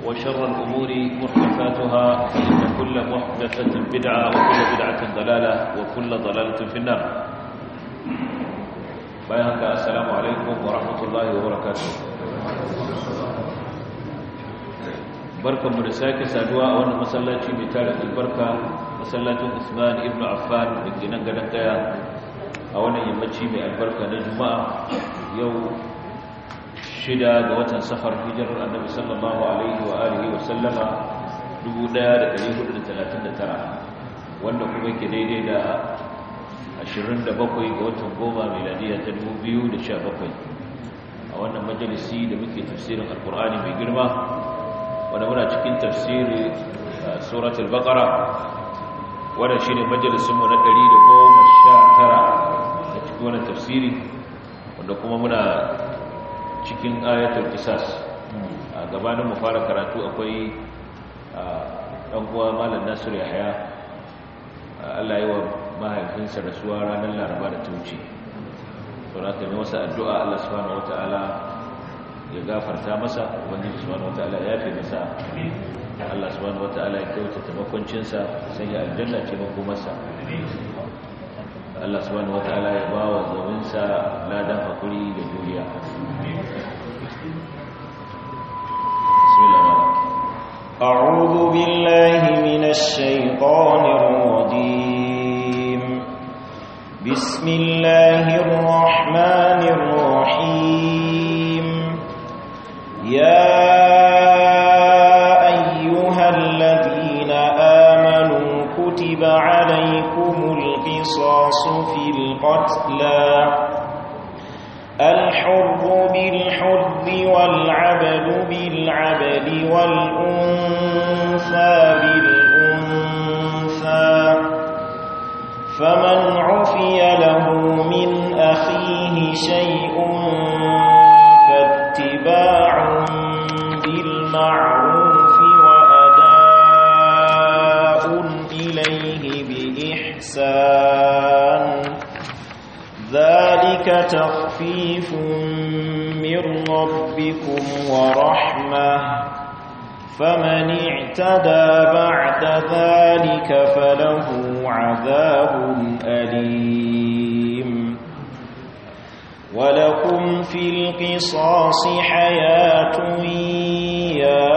وشر الأمور محدثاتها فإن كل محدثة بدعة وكل بدعة ضلالة وكل ضلالة في النار بيانك السلام عليكم ورحمة الله وبركاته بركة مرساك سادواء وانا مسلاتي بتارة البركة مسلاتي عثمان ابن عفان بن جنان جنان wannan أولا يمشي albarka na نجمع يوم shida ga watan safar hijirar annabi sallallahu alaihi wa alihi wa sallama 1439 wanda kuma yake daidai da 27 ga watan goma miladiya ta 2017 a wannan majalisi da muke tafsirin alkur'ani mai girma wanda muna cikin tafsiri suratul baqara wanda shi ne majalisinmu na 119 a cikin wannan tafsiri wanda kuma muna cikin ayatul qisas hmm. a gabanin mu fara karatu akwai dan uwa malam Nasir Yahya Allah ya yi wa mahaifinsa rasuwa ranar Laraba da ta wuce saurata ne masa addu'a Allah subhanahu wata'ala ya gafarta masa ubangiji subhanahu wata'ala ya fi masa Allah subhanahu wata'ala ya kyautata sa sai ya aljanna ce masa. Allah subhanahu wata'ala ya ba wa sa ladan hakuri da juriya أعوذ بالله من الشيطان الرجيم بسم الله الرحمن الرحيم يا أيها الذين آمنوا كتب عليكم القصاص في القتلى الحر بالحر والعبد بالعبد والأنثى بالأنثى فمن عفي له من أخيه شيء فاتباع بالمعروف وأداء إليه بإحسان ذلك تقوى خفيف من ربكم ورحمة فمن اعتدى بعد ذلك فله عذاب أليم ولكم في القصاص حياة يا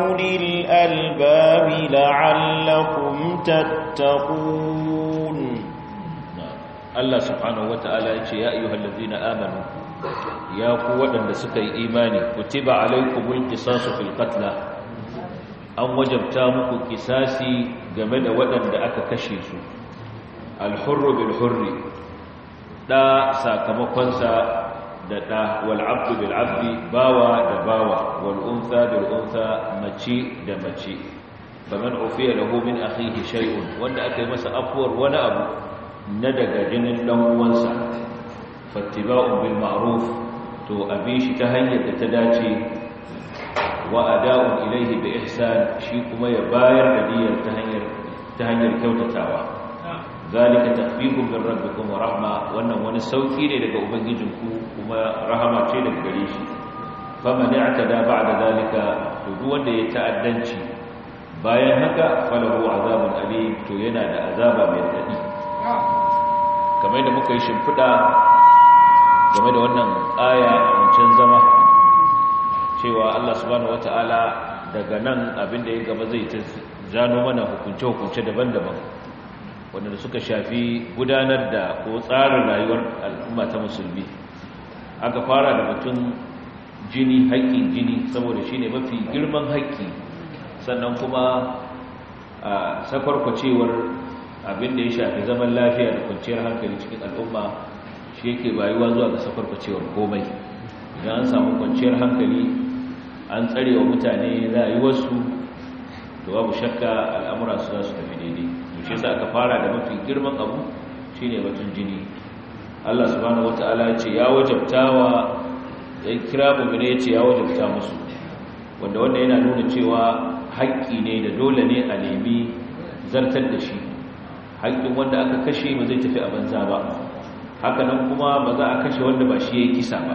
أولي الألباب لعلكم تتقون Allah subhanahu wata'ala ya ce ya ayyuhal amanu ya ku waɗanda suka yi imani kutiba alaykumul qisasu fil qatl an wajabta muku kisasi game da waɗanda aka kashe su al-hurru bil hurri da sakamakon sa da ɗa wal'abdu bil'abdi bawa da bawa wal bil bil'unsa mace da mace faman ofiya da homin ahihi shay'un wanda aka yi masa afwar wani abu na daga jinin dan uwansa fattiba'u bil ma'ruf to abin shi ta hanyar da ta dace wa ada'u ilayhi bi ihsan shi kuma ya bayar da diyar ta hanyar kyautatawa zalika takhfifu min rabbikum rahma wannan wani sauki ne daga ku kuma rahama ce daga gare shi da i'tada da zalika to duk wanda ya ta'addanci bayan haka falahu azabun alim to yana da azaba mai daɗi. kamar da muka yi shimfiɗa game da wannan aya a wancan zama cewa Allah subhanahu wata'ala daga nan abinda ya gaba zai ta zano mana hukunce-hukunce daban-daban wadanda suka shafi gudanar da ko tsarin rayuwar al'umma ta musulmi aka fara da mutum jini haƙƙin jini saboda shi ne mafi girman haƙƙi sannan kuma a sakwarkwacewar abin da ya shafi zaman lafiya da kwanciyar hankali cikin al'umma shi yake bayuwa zuwa ga safarfacewar komai idan an samu kwanciyar hankali an tsare wa mutane za yi wasu da babu shakka al'amura su za su tafi daidai to shi aka fara da mafi girman abu shine batun jini Allah subhanahu wataala ya ce ya wajabtawa ya kira mu ne ya ce ya wajabta musu wanda wanda yana nuna cewa haƙƙi ne da dole ne a nemi zartar da shi hakkin wanda aka kashe ba zai tafi a banza ba hakanan kuma ba za a kashe wanda ba shi ya yi kisa ba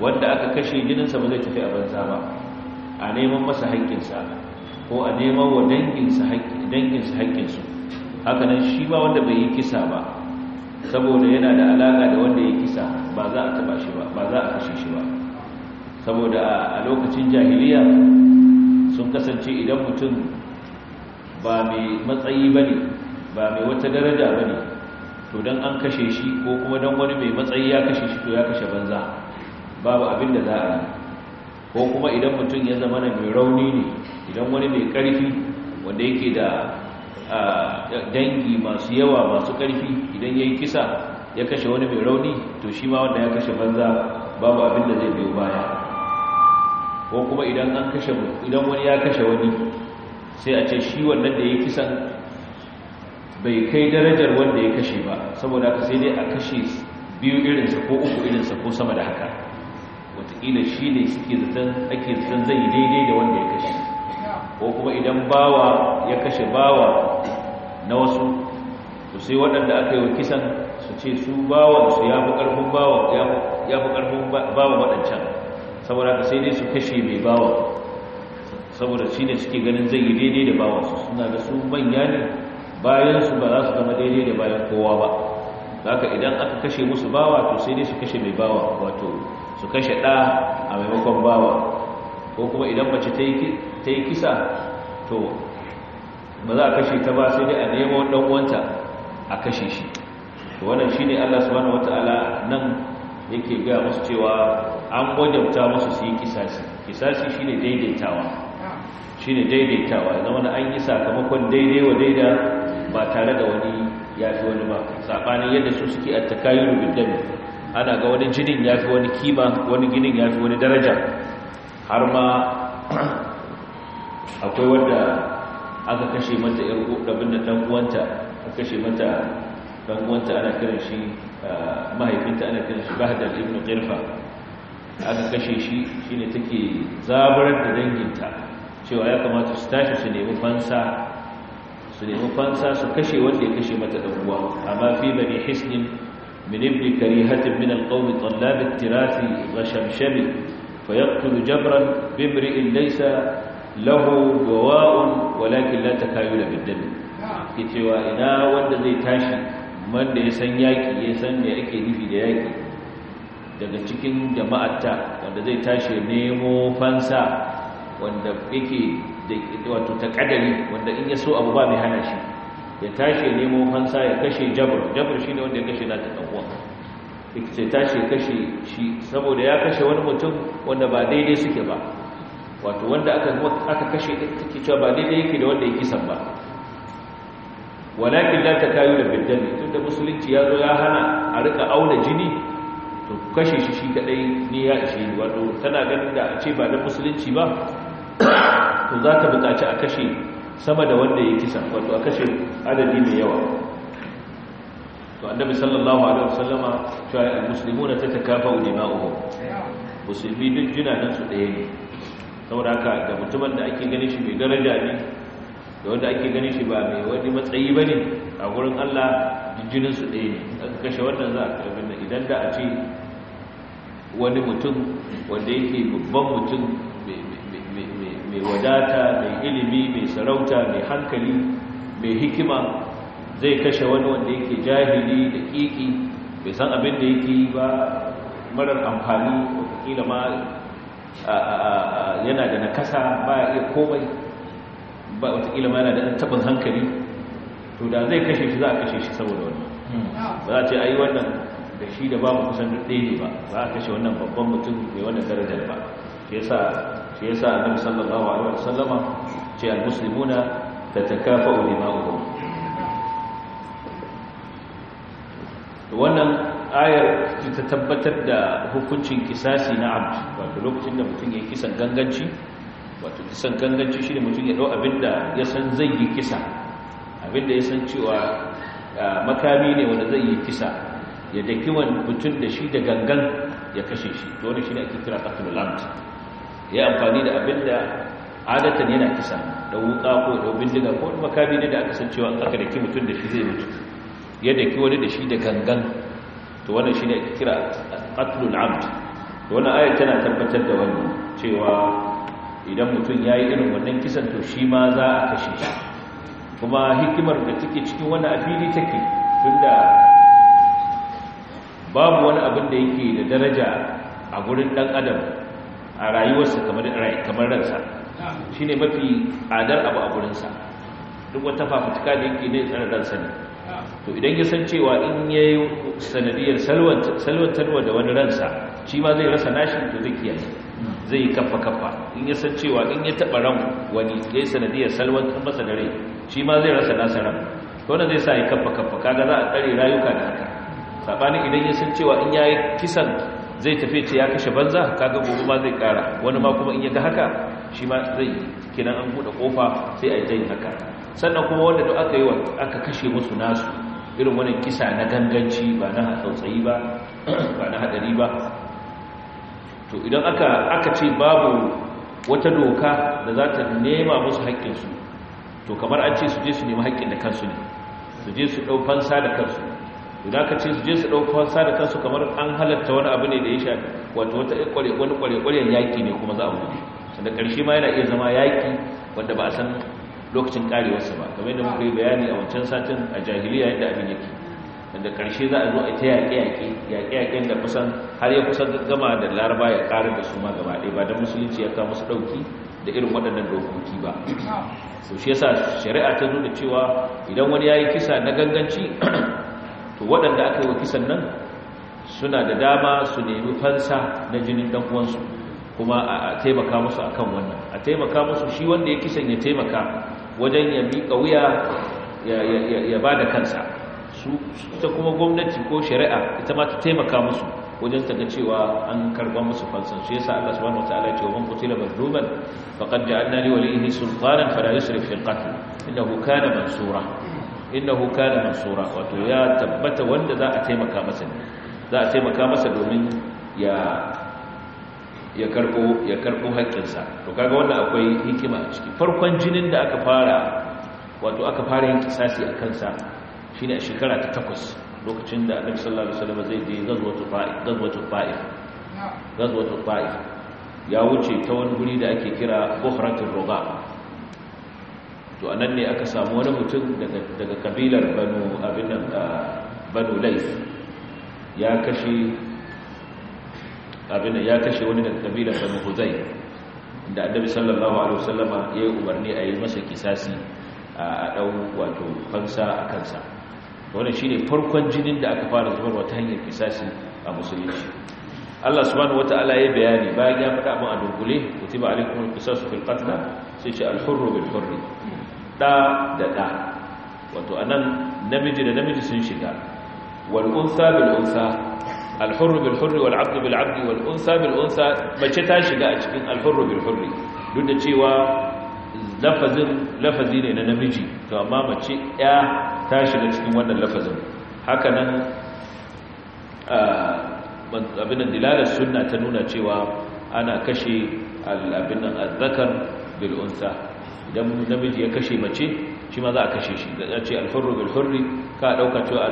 wanda aka kashe jininsa ba zai tafi a banza ba a neman masa hankinsa ko a neman wa danginsa hankinsu haka nan shi ba wanda bai yi kisa ba saboda yana da alaƙa da wanda ya kisa ba za a taɓa shi ba ba za a kashe shi ba saboda a lokacin jahiliya sun kasance idan mutum ba mai matsayi ba ne ba mai wata daraja ba ne to don an kashe shi ko kuma don wani mai matsayi ya kashe shi to ya kashe banza babu abin da za a yi ko kuma idan mutum ya zama na mai rauni ne idan wani mai karfi wanda yake da dangi masu yawa masu karfi idan ya yi kisa ya kashe wani mai rauni to shi ma wanda ya kashe banza babu abin da zai biyo baya ko kuma idan wani ya kashe wani sai a ce shi wannan da ya yi kisan bai kai darajar wanda ya kashe ba saboda haka sai dai a kashe biyu irinsa ko uku irinsa ko sama da haka wataƙila shi ne suke zaton ake zaton zai daidai da wanda ya kashe ko kuma idan bawa ya kashe bawa na wasu to sai waɗanda aka yi wa kisan su ce su Bawa su ya fi ƙarfin bawa ya fi ƙarfin bawa waɗancan saboda haka sai dai su kashe mai bawa saboda shi ne suke ganin zai yi daidai da bawa su suna da su manya ne bayansu ba za su zama daidai da bayan kowa ba za ka idan aka kashe musu bawa to sai dai su kashe mai bawa wato su kashe ɗa a maimakon bawa ko kuma idan mace ta yi kisa to ba za a kashe ta ba sai dai a nema ɗan uwanta a kashe shi to wannan ne Allah wata wataala nan yake gaya musu cewa an gwajabta musu su yi kisasi kisasi shi ne daidaitawa shi ne daidaitawa zama an yi sakamakon daidai wa daida ba tare da wani ya fi wani ba saɓanin yadda su suke a takayuru ana ga wani jinin ya fi wani kima wani ginin ya fi wani daraja har ma akwai wadda aka kashe mata yar ɗabin da ɗan'uwanta aka kashe mata ɗan'uwanta ana kiran shi mahaifinta ana kiran shi bahadar ibn ƙirfa aka kashe shi shi ne take zabarar da danginta cewa ya kamata su tashi su nemi fansa su nemi fansa su kashe wanda ya kashe mata dan amma fi bani hisnin min ibn karihatin min alqawmi tallab at-tirafi ghamshami fayaqtul jabran bimri imri'in laysa lahu gawa'un walakin la takayula bid-dam cewa ina wanda zai tashi wanda ya san yaki ya san me ake nufi da yaki daga cikin jama'arta wanda zai tashi nemo fansa wanda yake wato ta kadari wanda in ya so abu ba mai hana shi ya tashi nemo hansa ya kashe jabir jabir ne wanda ya kashe na ta ɗan'uwa tashi kashe shi saboda ya kashe wani mutum wanda ba daidai suke ba wato wanda aka kashe take cewa ba daidai yake da wanda ya kisan ba walakin ta takayu da tun da musulunci ya zo ya hana a rika auna jini to kashe shi shi kadai ne ya ishe wato tana ganin da a ce ba da musulunci ba to za ka buƙaci a kashe sama da wanda ya kisa wato a kashe adadi mai yawa to annabi sallallahu alaihi wasallama cewa almuslimuna tatakafa dima'uhum musulmi duk jinanan su ɗaya ne saboda haka da mutumin da ake ganin shi mai daraja ne da wanda ake ganin shi ba mai wani matsayi bane a gurin Allah jinjinin su ɗaya ne aka kashe wannan za a karbi na idan da a ce wani mutum wanda yake babban mutum mai mai wadata mai ilimi mai sarauta mai hankali mai hikima zai kashe wani wanda yake jahili da kiki bai san abin da yake yi ba marar amfani wakila ma yana da nakasa ba ya iya komai ba ma yana da tabin hankali to da zai kashe shi za a kashe shi saboda wannan ba za a ce ai wannan da shi da babu kusan duk ɗaya ne ba za a kashe wannan babban mutum mai wannan darajar ba shi yasa annabi sallallahu alaihi wasallama ce almuslimuna tatakafa'u dima'uhum wannan ayar ta tabbatar da hukuncin kisasi na abd wato lokacin da mutum ya kisan ganganci wato kisan ganganci shi ne mutum ya dau abinda ya san zai yi kisa abinda ya san cewa makami ne wanda zai yi kisa ya daki wani mutum da shi da gangan ya kashe shi to wani shi ne ake kira qatlul amd ya amfani da abin da adatan yana kisa da wuka ko da bindiga ko da makami ne da aka san cewa aka daki mutum da shi zai mutu ya daki wani da shi da gangan to wannan ne ake kira qatlul amd wannan aya tana tabbatar da wannan cewa idan mutum ya yi irin wannan kisan to shi ma za a kashe shi kuma hikimar da take cikin wannan afili take tunda babu wani abin da yake da daraja a gurin dan adam a rayuwarsa kamar ransa shi ne mafi adar abu a gurinsa duk wata fafutuka da yake ne tsara ransa ne to idan ya san cewa in ya yi sanadiyar salwantarwa da wani ransa shi ma zai rasa nashi to zai kiyaye zai yi kafa kafa in ya san cewa in ya taɓa ran wani ya yi sanadiyar salwantar masa da rai shi ma zai rasa nasa ran to wanda zai sa ya kafa kafa kaga za a tsare rayuka da haka saɓanin idan ya san cewa in ya yi kisan zai tafi ce ya kashe banza kaga gobe ma zai kara wani ma kuma in ya ga haka shi ma zai kinan an bude kofa sai a yi haka sannan kuma wanda duk aka yi wa aka kashe musu nasu irin wani kisa na ganganci ba na hatsautsayi ba ba na hadari ba to idan aka ce babu wata doka da za ta nema musu haƙƙinsu to kamar an ce su je su nemi haƙƙin da kansu ne su je su ɗau fansa da kansu idan ka ce su je su ɗauka sa da kansu kamar an halatta wani abu ne da ya shafi wato wata wani ƙwarƙwarƙwarƙwarƙen yaƙi ne kuma za a wuce da ƙarshe ma yana iya zama yaƙi wanda ba a san lokacin ƙarewarsa ba kamar yadda muka yi bayani a wancan satin a jahiliya yadda abin yake wanda ƙarshe za a zo a ta yaƙe-yaƙe yaƙe-yaƙen da kusan har ya kusan gama da laraba ya ƙarar da su ma gaba ɗaya ba don musulunci ya kawo musu ɗauki da irin waɗannan dokoki ba to shi yasa shari'a ta zo nuna cewa idan wani ya yi kisa na ganganci to waɗanda aka yi wa kisan nan suna da dama su nemi fansa na jinin ɗan uwansu kuma a taimaka musu kan wannan a taimaka musu shi wanda ya kisan ya taimaka wajen ya miƙa wuya ya ba da kansa su ta kuma gwamnati ko shari'a ita ma ta taimaka musu wajen ta ga cewa an karban musu fansan shi yasa Allah subhanahu wataala ya ce wa man qutila mazluman faqad ja'alna li waliyhi sultanan fala yusrif fil qatl innahu kana mansura innahu kana mansura wato ya tabbata wanda za a taimaka masa ne za a taimaka masa domin ya ya karbo ya karbo haƙƙinsa to kaga wannan akwai hikima a ciki farkon jinin da aka fara wato aka fara yin kisasi a kansa shine a shekara ta takwas lokacin da annabi sallallahu alaihi wasallam zai je gazwatu fa'id gazwatu fa'id gazwatu fa'i, ya wuce ta wani guri da ake kira buhratul rugab to anan ne aka samu wani mutum daga kabilar banu abin ah, banu lais ya kashe abin ya kashe wani daga kabilar banu huzai da annabi sallallahu alaihi wasallama ya yi umarni a yi masa kisasi a dau wato fansa a kansa wannan shine farkon jinin da aka fara zubarwa ta hanyar kisasi a musulunci Allah subhanahu wata'ala ya bayani bayan ya faɗa abin a dunkule kutiba alaikum alqisasu fil qatl sai ce al bil hurri ɗa da ɗa wato a nan namiji da namiji sun shiga wal'unsa bil'unsa alhurru bilhurri wal'abdu bil'abdi wal'unsa bil'unsa mace ta shiga a cikin alhurru bilhurri duk da cewa lafazin lafazi ne na namiji to amma mace ya ta shiga cikin wannan lafazin haka nan abinan dilalar suna ta nuna cewa ana kashe abinan azzakar bil'unsa idan namiji ya kashe mace shi ma za a kashe shi da ce alhurru bil hurri ka dauka cewa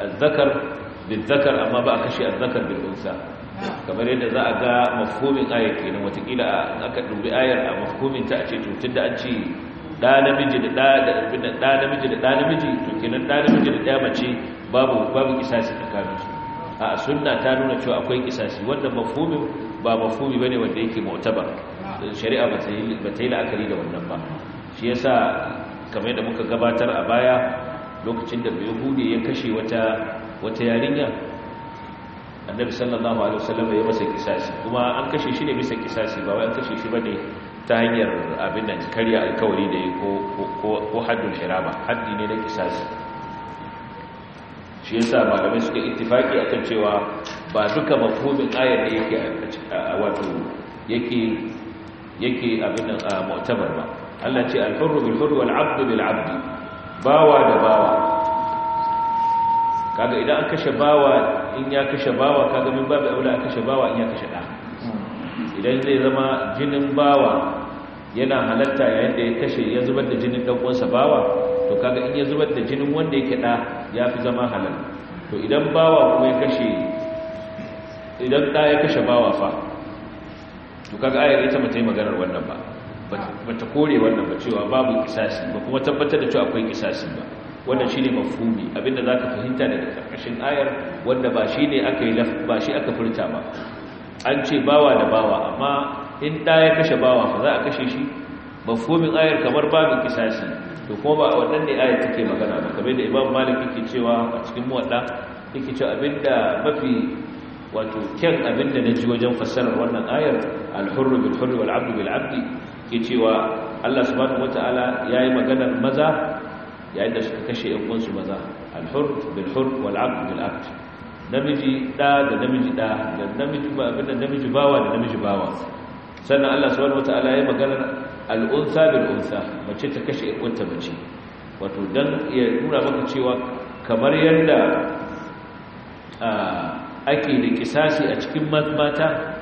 al-zakar bil zakar amma ba a kashe al-zakar bil unsa kamar yadda za a ga mafhumin ayar kenan watakila aka dubi ayar a mafhumin ta a ce to tunda an ce da namiji da da da da namiji da da namiji to kenan da namiji da da mace babu babu kisasi tsakanin su a sunna ta nuna cewa akwai kisasi wanda mafhumin ba mafhumi bane wanda yake mu'tabar shari'a ba ta yi la'akari da wannan ba shi yasa kamar da muka gabatar a baya lokacin da yahudi ya kashe wata yarinya annabi sallallahu alaihi wasallam ya masa kisasi kuma an kashe shi ne bisa kisasi ba wai an kashe shi bane ta hanyar abin da karya alkawari da ya ko ko haddul hiraba haddi ne na kisasi shi yasa malamai suka ittifaki akan cewa ba duka mafhumin ayar da yake a wato yake yake abin mu'tabar ba Allah ce al furu bil furu wal 'abdu bil 'abdi bawa da bawa kaga idan an kashe bawa in ya kashe bawa kaga min babu aula an kashe bawa in ya kashe da idan zai zama jinin bawa yana halatta yayin da ya kashe ya zubar da jinin dan uwansa bawa to kaga in ya zubar da jinin wanda yake da ya fi zama halal to idan bawa kuma ya kashe idan da ya kashe bawa fa to kaga ayar ita mata yi maganar wannan ba ba ta kore wannan ba cewa babu kisasi ba kuma tabbatar da cewa akwai kisasi ba wannan shine mafhumi abinda zaka fahimta daga karkashin ayar wanda ba shine aka yi ba shi aka furta ba an ce bawa da bawa amma in da ya kashe bawa fa za a kashe shi mafhumin ayar kamar babu kisasi to kuma ba wannan ne ayar take magana ba kamar da Imam Malik yake cewa a cikin muwadda yake cewa abinda mafi wato kyan abinda na ji wajen fassarar wannan ayar alhurru bil hurri wal abdu bil abdi ke cewa Allah subhanahu wataala yayi maganar maza yayin da suka kashe yan uwansu maza alhur bil hurri wal abd bil abd namiji da da namiji da da namiji ba abinda namiji bawa da namiji bawa sannan Allah subhanahu wataala yayi maganar al unsa bil unsa mace ta kashe yan mace wato dan ya nuna maka cewa kamar yanda a ah, ake da kisasi a cikin mata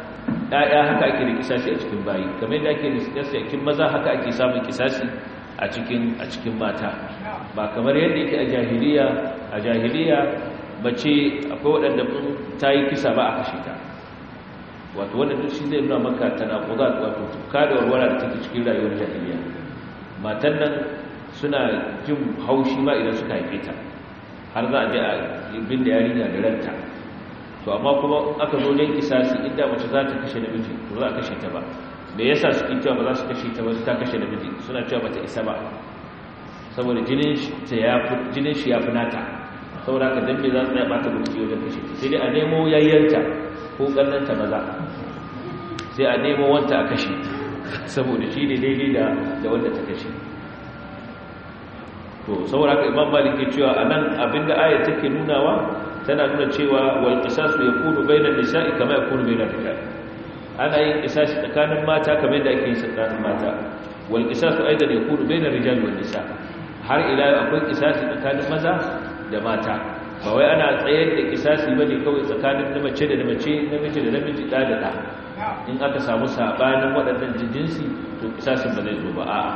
ɗaya haka ake da kisasi a cikin bayi kamar yadda ake da kisasi a cikin maza haka ake samun kisasi a cikin mata ba kamar yadda yake a jahiliya a jahiliya mace akwai waɗanda mun ta yi kisa ba a kashe ta wato wanda duk shi zai nuna maka tana kuza wato tuka da warwara da take cikin rayuwar jahiliya matan nan suna jin haushi ma idan suka haife ta har za a je a binda yarinya da ranta to amma kuma aka zo don kisasi inda mace za ta kashe namiji to za a kashe ta ba me yasa suke cewa ba za su kashe ta ba su ta kashe namiji suna cewa ba ta isa ba saboda jinin shi ya fi nata saboda haka dan me za su tsaya ta lokaci wajen kashe ta sai dai a nemo yayyanta ko kannanta maza sai a nemo wanta a kashe saboda shi ne daidai da wanda ta kashe to saboda haka imam malik ya cewa nan abinda ayat take nunawa tana nuna cewa wal qisasu yakunu bainan nisa'i kama yakunu bainar rijal ana yin qisasi tsakanin mata kamar yadda ake yin tsakanin mata wal qisasu aidan yakunu bainar rijal wan nisa har ila akwai qisasi tsakanin maza da mata ba wai ana tsayar da qisasi bane kawai tsakanin mace da mace namiji da namiji da da da in aka samu sabanin waɗannan jinsi to qisasin ba zai zo ba a'a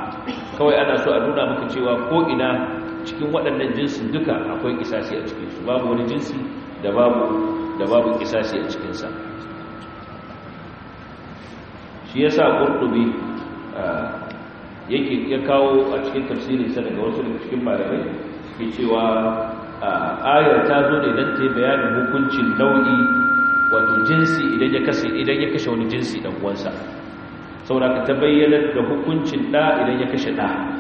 kawai ana so a nuna maka cewa ko ina cikin waɗannan jinsin duka akwai kisasi a cikinsu babu wani jinsi da babu da babu kisasi a cikinsa shi ya sa ƙurɗubi ya kawo a cikin tafsirinsa daga wasu daga cikin malamai ke cewa ayar ta zo da don ta yi bayanin hukuncin nau'i wato jinsi idan ya kashe wani jinsi ɗan uwansa saboda ka ta bayyana da hukuncin ɗa idan ya kashe ɗa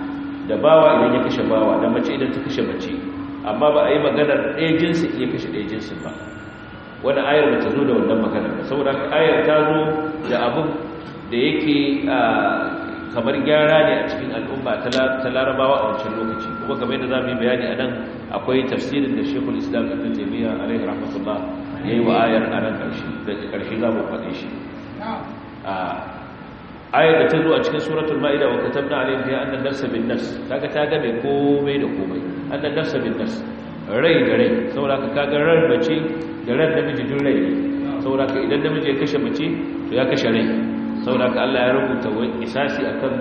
da bawa idan ya kashe bawa da mace idan ta kashe mace amma ba a yi maganar ɗaya jinsi iya kashe ɗaya jinsin ba wani ayar ba ta zo da wannan magana ba saboda ayar ta zo da abin da yake kamar gyara ne a cikin al'umma ta larabawa a wancan lokaci kuma kamar yadda za mu yi bayani a nan akwai tafsirin da shekul islam ibn jami'a alaihi rahmatullah ya yi wa ayar a nan ƙarshe za mu faɗe shi ayar da ta zo a cikin suratul ma'ida wa katabna alayhi fiha anna nafsa bin nafs kaga ta game komai da komai anna nafsa bin nafs rai da rai saboda ka kaga ran mace da ran namiji duk rai saboda ka idan namiji ya kashe mace to ya kashe rai saboda ka Allah ya rubuta wani isasi akan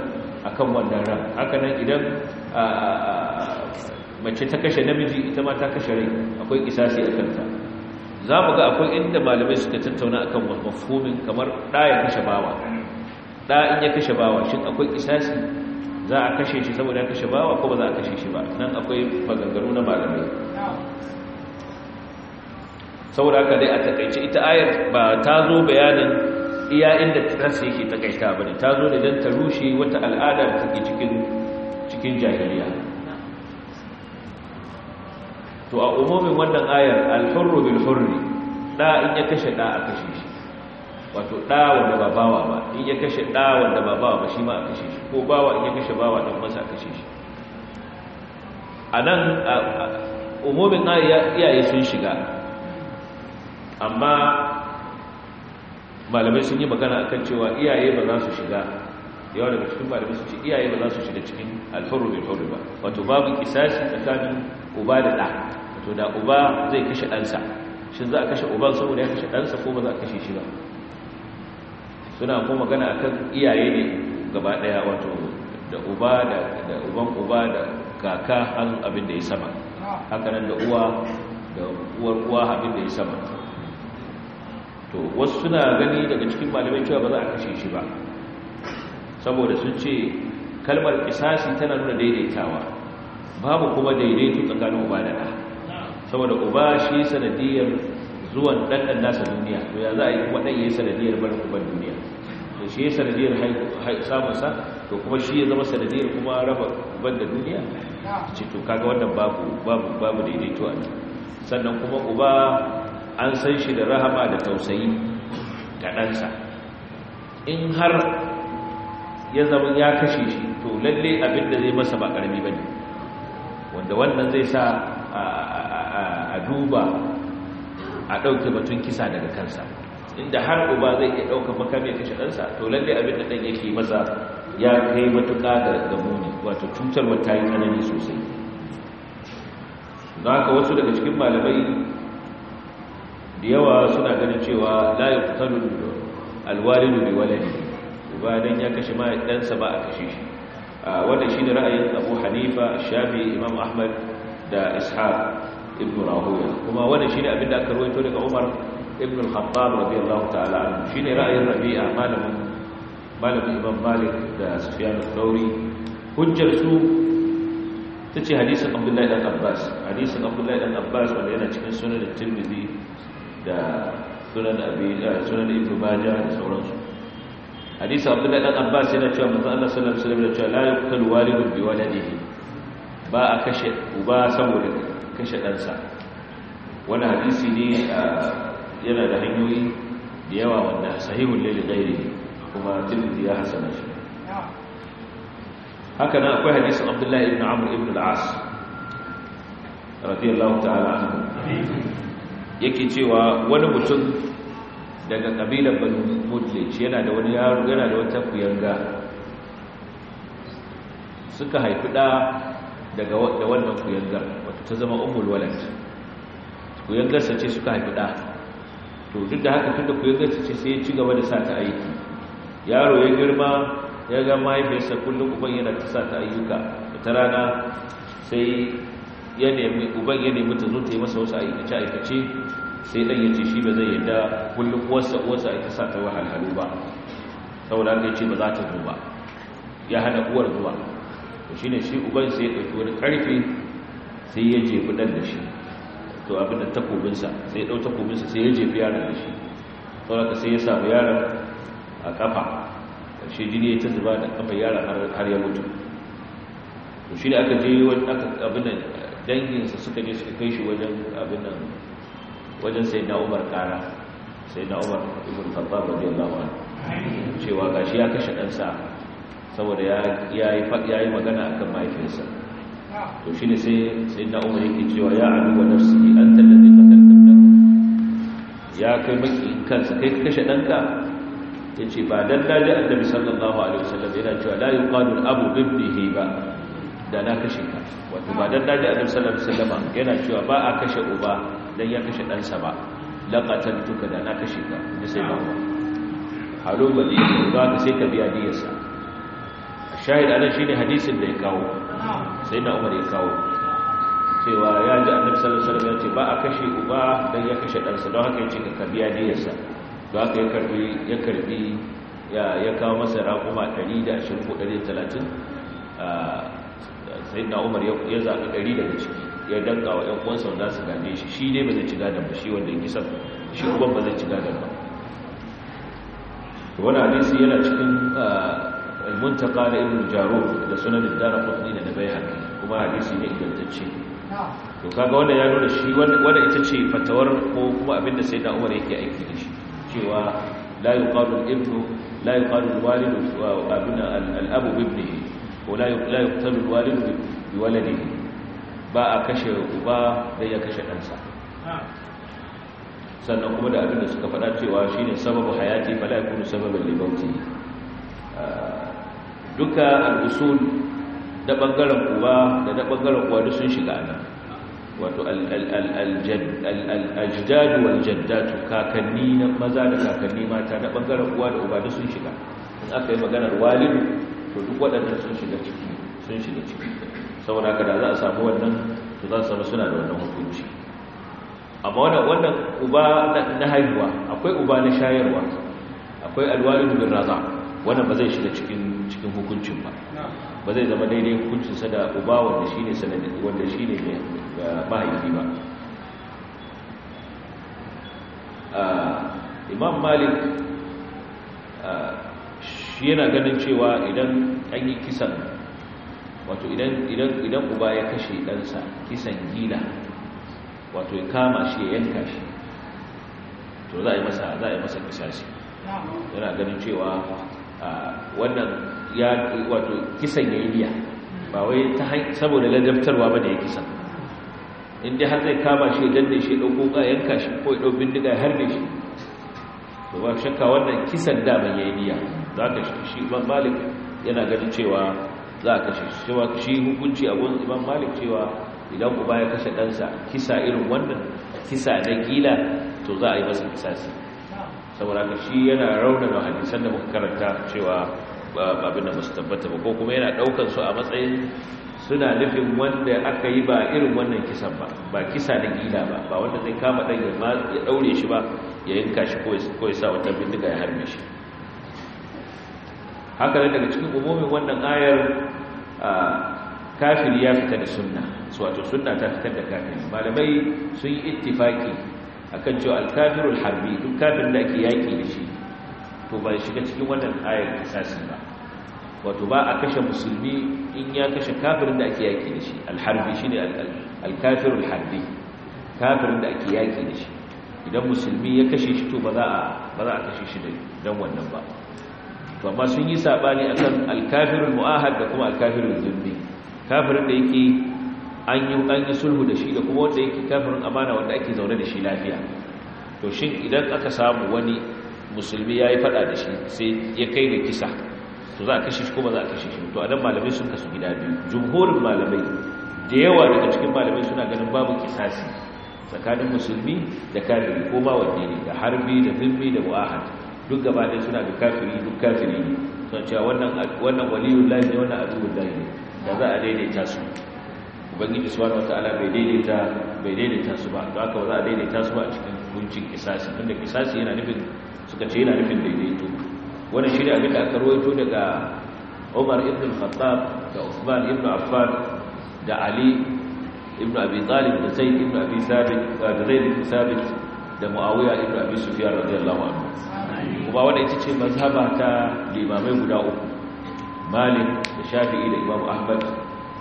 akan wannan ran haka nan idan mace ta kashe namiji ita ma ta kashe rai akwai isasi a ta za mu ga akwai inda malamai suka tattauna akan mafhumin kamar ɗaya kashe bawa da in ya kashe bawa shin akwai kisasi za a kashe shi saboda ya kashe bawa ko ba za a kashe shi ba nan akwai maganganu na malamai saboda haka dai a takaice ita ayar ba ta zo bayanin iya inda tsarsa yake takaita ba ne ta zo da don ta rushe wata al'ada da take cikin cikin jahiliya to a umumin wannan ayar alhurru bil hurri da in ya kashe da a kashe shi wato ɗa wanda ba bawa ba in ya kashe ɗa wanda ba bawa ba shi ma a kashe shi ko bawa in ya kashe bawa ɗan masa a kashe shi a nan umumin iyaye sun shiga amma malamai sun yi magana akan cewa iyaye ba za su shiga yawa daga cikin malamai su ce iyaye ba za su shiga cikin alfaru bai faru ba wato babu kisasi tsakanin uba da ɗa wato da uba zai kashe ɗansa shi za a kashe uban saboda ya kashe ɗansa ko ba za a kashe shi ba suna kuma magana akan iyaye ne gaba daya wato da uba da uban uba da kaka an abin da ya sama haka da uwa da uwar uwa abin da ya sama to wasu suna gani daga cikin malamai cewa ba za a kashe shi ba saboda sun ce kalmar kisasi tana nuna daidaitawa babu kuma daidaito tsakanin uba da ɗa saboda uba shi sanadiyar zuwan ɗanɗan nasa duniya to ya za a yi waɗanda ya yi sanadiyar barin uban duniya to shi ya yi sanadiyar samunsa to kuma shi ya zama sanadiyar kuma raba ban da duniya ce to kaga wannan babu daidaito a nan sannan kuma uba an san shi da rahama da tausayi ga ɗansa in har ya zama ya kashe shi to lalle abin da zai masa ba ƙarami ba ne wanda wannan zai sa a duba a ɗauke batun kisa daga kansa inda har uba zai iya ɗauka makami ya kashe ɗansa to lalle abin da ɗan yake masa ya kai matuƙa da ne wato cutar ta yi tsanani sosai don haka wasu daga cikin malamai da yawa suna ganin cewa la ya kutalu da bi waladi uba dan ya kashe ma ɗansa ba a kashe shi shi shine ra'ayin Abu Hanifa Shafi Imam Ahmad da Ishaq ibn rahuya kuma wannan shine abin da aka rawaito daga umar ibn al-khattab radiyallahu ta'ala anhu shine ra'ayin rabi'a malamin malamin imam malik da sufyan al-thawri hujjar su tace hadisin abdullahi dan abbas hadisin abdullahi dan abbas wanda yana cikin sunan at-tirmidhi da sunan abi sunan ibn majah da sauransu hadisin abdullahi dan abbas yana cewa manzo Allah sallallahu alaihi wasallam ya ce la yuqtalu walidun bi waladihi ba a kashe uba saboda kashe ɗansa wani hadisi ne yana da hanyoyi da yawa wanda sahihun lili ɗairi kuma tilidi ya hasana shi haka na akwai hadisin abdullahi ibn amur ibn al'as radiyallahu ta'ala yake cewa wani mutum daga kabilar banu mudlic yana da wani yaro yana da wata kuyanga suka haifi ɗa daga da wannan kuyangar wato ta zama ummul walad kuyangar sace ce suka haifi da to duk da haka tunda kuyangar sace ce sai ya ci gaba da sata aiki yaro ya girma ya ga mahaifiyarsa kullum uban yana ta sata ayyuka ta rana sai ya nemi uban ya nemi ta zo ta yi masa wasu aikace aikace sai dan yace shi ba zai yadda kullum uwarsa uwarsa ita sata wahalhalu ba saboda haka ce ba za ta zo ba ya hada uwar zuwa to shine shi uban sai ya dauki wani karfi sai ya jefi ɗan da shi to abin da takobinsa sai ya dau takobinsa sai ya jefi yaran da shi saboda sai ya samu yaran a kafa shi jini ya ta zuba da kafa yaran har ya mutu to shi da aka je wani abin da danginsa suka je suka kai shi wajen abin nan wajen sai na umar kara sai na umar ibn khattab radiyallahu anhu cewa gashi ya kashe ɗansa saboda ya yi magana akan mahaifinsa to shi ne sai na umar yake cewa ya wa nafsi an tallafi katantar nan ya kai maki kansa kai kashe ɗanka ya ce ba don daji annabi sallallahu alaihi wasallam yana cewa la yi ƙadun abu bibbihi ba da na kashe ka wato ba don daji dabi sallallahu alaihi wasallam yana cewa ba a kashe uba don ya kashe ɗansa ba laƙatar tuka da na kashe ka da sai ba halu ba ne ba ka sai ka biya diyarsa shahid shi shine hadisin da ya kawo sai na umar ya kawo cewa ya ji annabi sallallahu alaihi wasallam ya ce ba a kashe uba dan ya kashe ɗansa don haka ya ce ka biya sa don haka ya karbi ya karbi ya kawo masa raƙuma 120 ko 130 sai na umar ya zaka 100 daga ciki ya danka wa 'yan uwansa wanda su gane shi shi ne ba zai ci gadon ba shi wanda ya kisan shi uban ba zai ci gadon ba wani hadisi yana cikin ah, المنتقى لابن الجارود da sunan ad-darqutni da bayhaq kuma hadisi ne ingantacce to kaga wannan ya nuna shi wannan ita ce fatawar ko kuma abinda sai da Umar yake aiki da shi cewa la yuqalu al-ibnu la yuqalu al-walidu wa abna al-abu ibnihi ko la la yuqtalu al-walidu bi waladihi ba a kashe uba da ya kashe ɗansa sannan kuma da abinda suka faɗa cewa shine sababu hayati fala yakunu sababan li mauti ah, duka al-usul da bangaren uba da da bangaren kuwa duk sun shiga nan wato al-ajdad wal jaddat kakanni na maza da kakanni mata da bangaren kuwa da uba duk sun shiga in aka yi maganar walid to duk waɗannan sun shiga ciki sun shiga ciki saboda haka da za a samu wannan to za su samu suna da wannan hukunci amma wannan wannan uba na haihuwa akwai uba na shayarwa akwai alwalidu bin raza wannan ba zai shiga cikin cikin hukuncin ba ba zai zama daidai hukuncinsa da uba wanda shi ne wanda shi ne mahaifi ba imam malik shi yana ganin cewa idan an yi kisan wato idan uba ya kashe ɗansa kisan gila wato ya kama shi ya yanka shi to za a yi masa kisasi yana ganin cewa wannan ya wato kisan ya yi biya ba wai ta saboda ladabtarwa ba da ya kisan inda har zai kama shi ya da shi ɗauko ga yanka shi ko ɗau bindiga har da shi to ba shakka wannan kisan da ban ya yi biya za ka shi shi ban malik yana ganin cewa za ka shi cewa shi hukunci a gudun imam malik cewa idan uba ya kashe ɗansa kisa irin wannan kisa na gila to za a yi masa kisasi saboda ka shi yana raunana hadisan da muka karanta cewa babin da musu tabbata ba ko kuma yana daukar su a matsayin suna nufin wanda aka yi ba irin wannan kisan ba ba kisa na gila ba ba wanda zai kama dan ya daure shi ba ya yanka shi ko ya sa wata bindiga ya harbe shi haka ne daga cikin umumin wannan ayar kafiri ya fita da sunna wato sunna ta fitar da kafiri malamai sun yi ittifaki akan cewa alkafirul harbi duk kafin da ake yaƙi da shi to ba shiga cikin wannan ayar kasasi ba wato ba a kashe musulmi in ya kashe kafirin da ake yaƙi da shi alharbi shine alkafirul harbi kafirin da ake yaƙi da shi idan musulmi ya kashe shi to ba za a kashe shi don wannan ba to amma sun yi saɓani akan alkafirul mu'ahad da kuma alkafirul zulmi kafirin da yake an yi ɗanyi sulhu da shi da kuma wanda yake kafirin amana wanda ake zaune da shi lafiya to shi idan aka samu wani musulmi ya yi fada da shi sai ya kai ga kisa to za a kashe shi kuma za a kashe shi to adan malamai sun kasu gida biyu jumhurin malamai da yawa daga cikin malamai suna ganin babu kisasi tsakanin musulmi da kafiri ko ba wanne ne da harbi da zimmi da mu'ahad duk gaba ɗaya suna da kafiri duk kafiri ne sun cewa wannan wannan waliyullahi ne wannan azuwullahi ne da za a daidaita su ubangiji subhanahu wataala bai daidaita bai daidaita su ba to aka ba za a daidaita su ba a cikin hukuncin kisasi tunda kisasi yana nufin suka ce yana nufin daidaito Wani shirya ne abin da aka rawaito daga Umar ibn Khattab da Usman ibn Affan da Ali ibn Abi Talib da Zaid ibn Abi sabit da Zaid ibn sabit da Muawiya ibn Abi Sufyan radiyallahu anhu kuma wannan ita ce mazhabata ta limamai guda uku Malik da Shafi'i da imamu Ahmad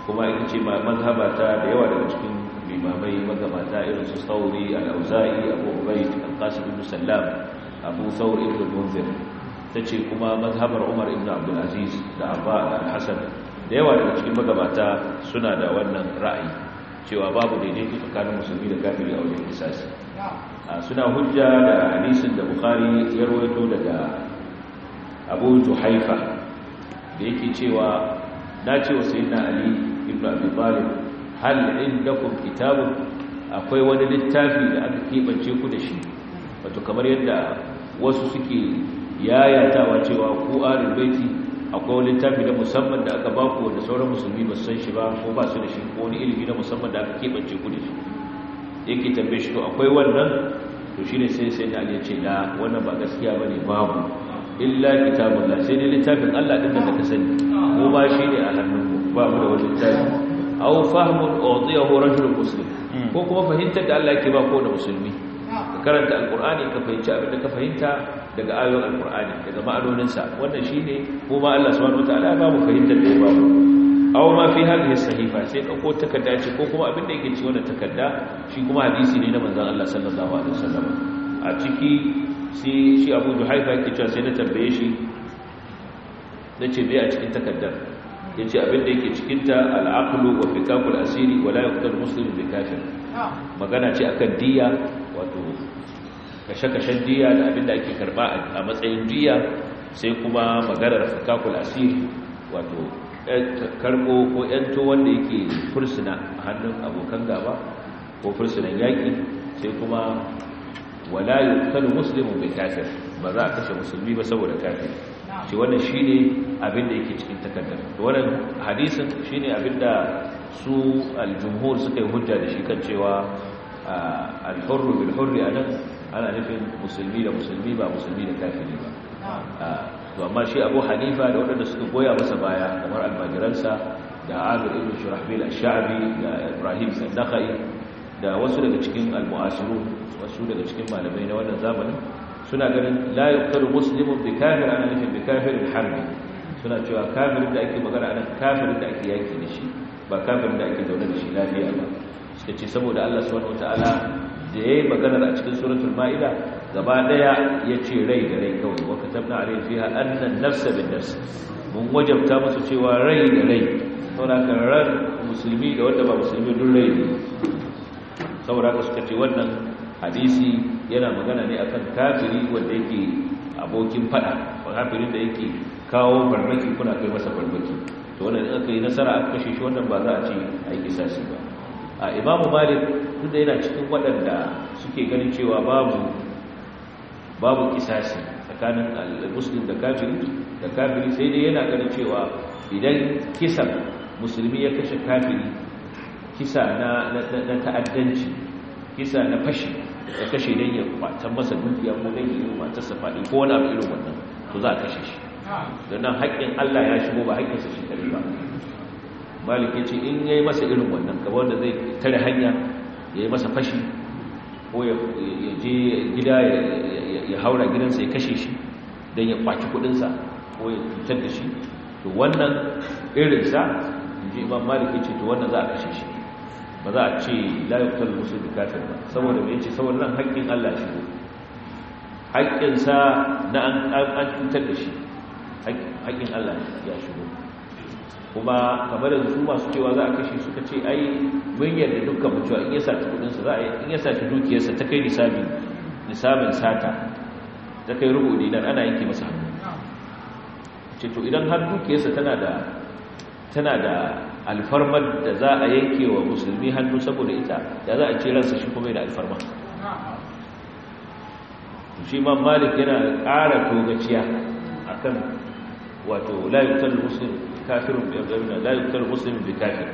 kuma in ce mazhaba ta da yawa daga cikin limamai magabata irin su sauri al-auza'i abu ubayd al-qasim ibn sallam abu Sauri, ibn munzir tace kuma mazhabar umar ibn abdul aziz da abba al-hasan da yawa daga cikin magabata suna da wannan ra'ayi cewa babu daidaito tsakanin musulmi da kafiri a wajen kisasi suna hujja da hadisin da bukhari ya rawaito daga abu zuhaifa da yake cewa na ce wa sayyidina ali ibn abi talib hal indakum kitabun akwai wani littafi da aka kibance ku da shi wato kamar yadda wasu suke yayatawa cewa ku alul baiti akwai wani littafi da musamman da aka baku wanda sauran musulmi ba san shi ba ko ba su da shi ko wani ilimi na musamman da aka kibance ku da shi yake tambaye shi to akwai wannan to shine sai sai da ya ce da wannan ba gaskiya bane babu illa kitabullah sai dai littafin Allah din da ka sani ko ba shi ne a hannunku ba mu da wani littafi aw fahmun utiyahu rajul muslim hmm. ko kuma fahimtar da Allah yake ba ko da musulmi ka karanta alqur'ani ka fahimci abin da ka fahimta daga ayoyin Alƙur'ani daga ma'anonin sa wannan shine ko ma Allah subhanahu wataala ba mu fahimtar da ya ba mu aw ma fi hadhihi sahifa sai ko takarda ce ko kuma abin da yake ci wannan takarda shi kuma hadisi ne na manzon Allah sallallahu alaihi wasallam a ciki shi Abu Juhaifa yake cewa sai na tambaye shi nace bai a cikin takardar yace abin da yake cikin ta al-aqlu wa fikakul asiri wa la yaqtal muslim bi kafir ah. magana ce akan diya wato kashe-kashen diya da abin da ake karba a matsayin diya sai kuma da fikakul asiri wato karbo ko yanto wanda yake fursuna a hannun abokan gaba ko fursunan yaƙi sai kuma wala yaqtal muslim bi kafir ba za a kashe musulmi ba saboda kafir ce wannan ne abin da yake cikin takardar wannan hadisin shine abin da su aljumhur suka yi hujja da shi kan cewa alhurru bil hurri anan ana nufin musulmi da musulmi ba musulmi da kafiri ba to amma shi Abu Hanifa da waɗanda suka goya masa baya kamar almajiransa da Amir ibn Shurahbil ash-Sha'bi da Ibrahim Sandakai da wasu daga cikin almu'asiru wasu daga cikin malamai na wannan zamanin suna ganin la yuqtalu muslimun bi kafir ana nufin bi kafirin harbi suna cewa kafirin da ake magana anan kafirin da ake yaki da shi ba kafirin da ake zaune da shi lafiya ba suka ce saboda Allah subhanahu wataala da yayi magana a cikin suratul maida gaba daya ce rai da rai kawai wa katabna alayhi fiha anna annan nafsa bin-nafs mun wajabta musu cewa rai da rai saboda ran musulmi da wanda ba musulmi duk rai saboda suka ce wannan hadisi yana magana ne akan kafiri wanda yake abokin fada kafiri da yake kawo farmaki kuna kai masa farmaki to wannan in aka yi nasara aka kashe shi wannan ba za a ce a yi kisasi ba a imamu malik duk yana cikin waɗanda suke ganin cewa babu babu kisasi tsakanin muslim da kafiri da kafiri sai dai yana ganin cewa idan kisan musulmi ya kashe kafiri kisa na ta'addanci kisa na fashi ya kashe don ya kwatan masa dukiya ko dan yi mata safari ko wani abu irin wannan to za a kashe shi don nan haƙƙin allah ya shigo ba haƙƙinsa shi kare ba malik yace in ya yi masa irin wannan kamar wanda zai tare hanya yayi yi masa fashi ko ya je gida ya haura gidansa ya kashe shi don ya kwaci sa ko ya cutar da shi to wannan irin sa ji imam malik yace to wannan za a kashe shi ba za a ce la yuqtal muslim ba saboda me ce saboda nan haƙƙin Allah shi ne haƙƙinsa na an ƙantar da shi haƙƙin Allah ya shigo kuma kamar yanzu masu cewa za a kashe suka ce ai mun yarda dukkan mutuwa in yasa ta kudin sa za a in yasa ta dukiyar sa ta kai nisabi nisabin sata ta kai rubu idan ana yanke masa hannu ce to idan har dukiyar sa tana da tana da alfarmar da za a yanke wa musulmi hannu saboda ita da za a ce ransa shi kuma yana alfarma shi ma malik yana ƙara togaciya a kan wato layutar musulun kafirin da yamzaruna musulun da kafir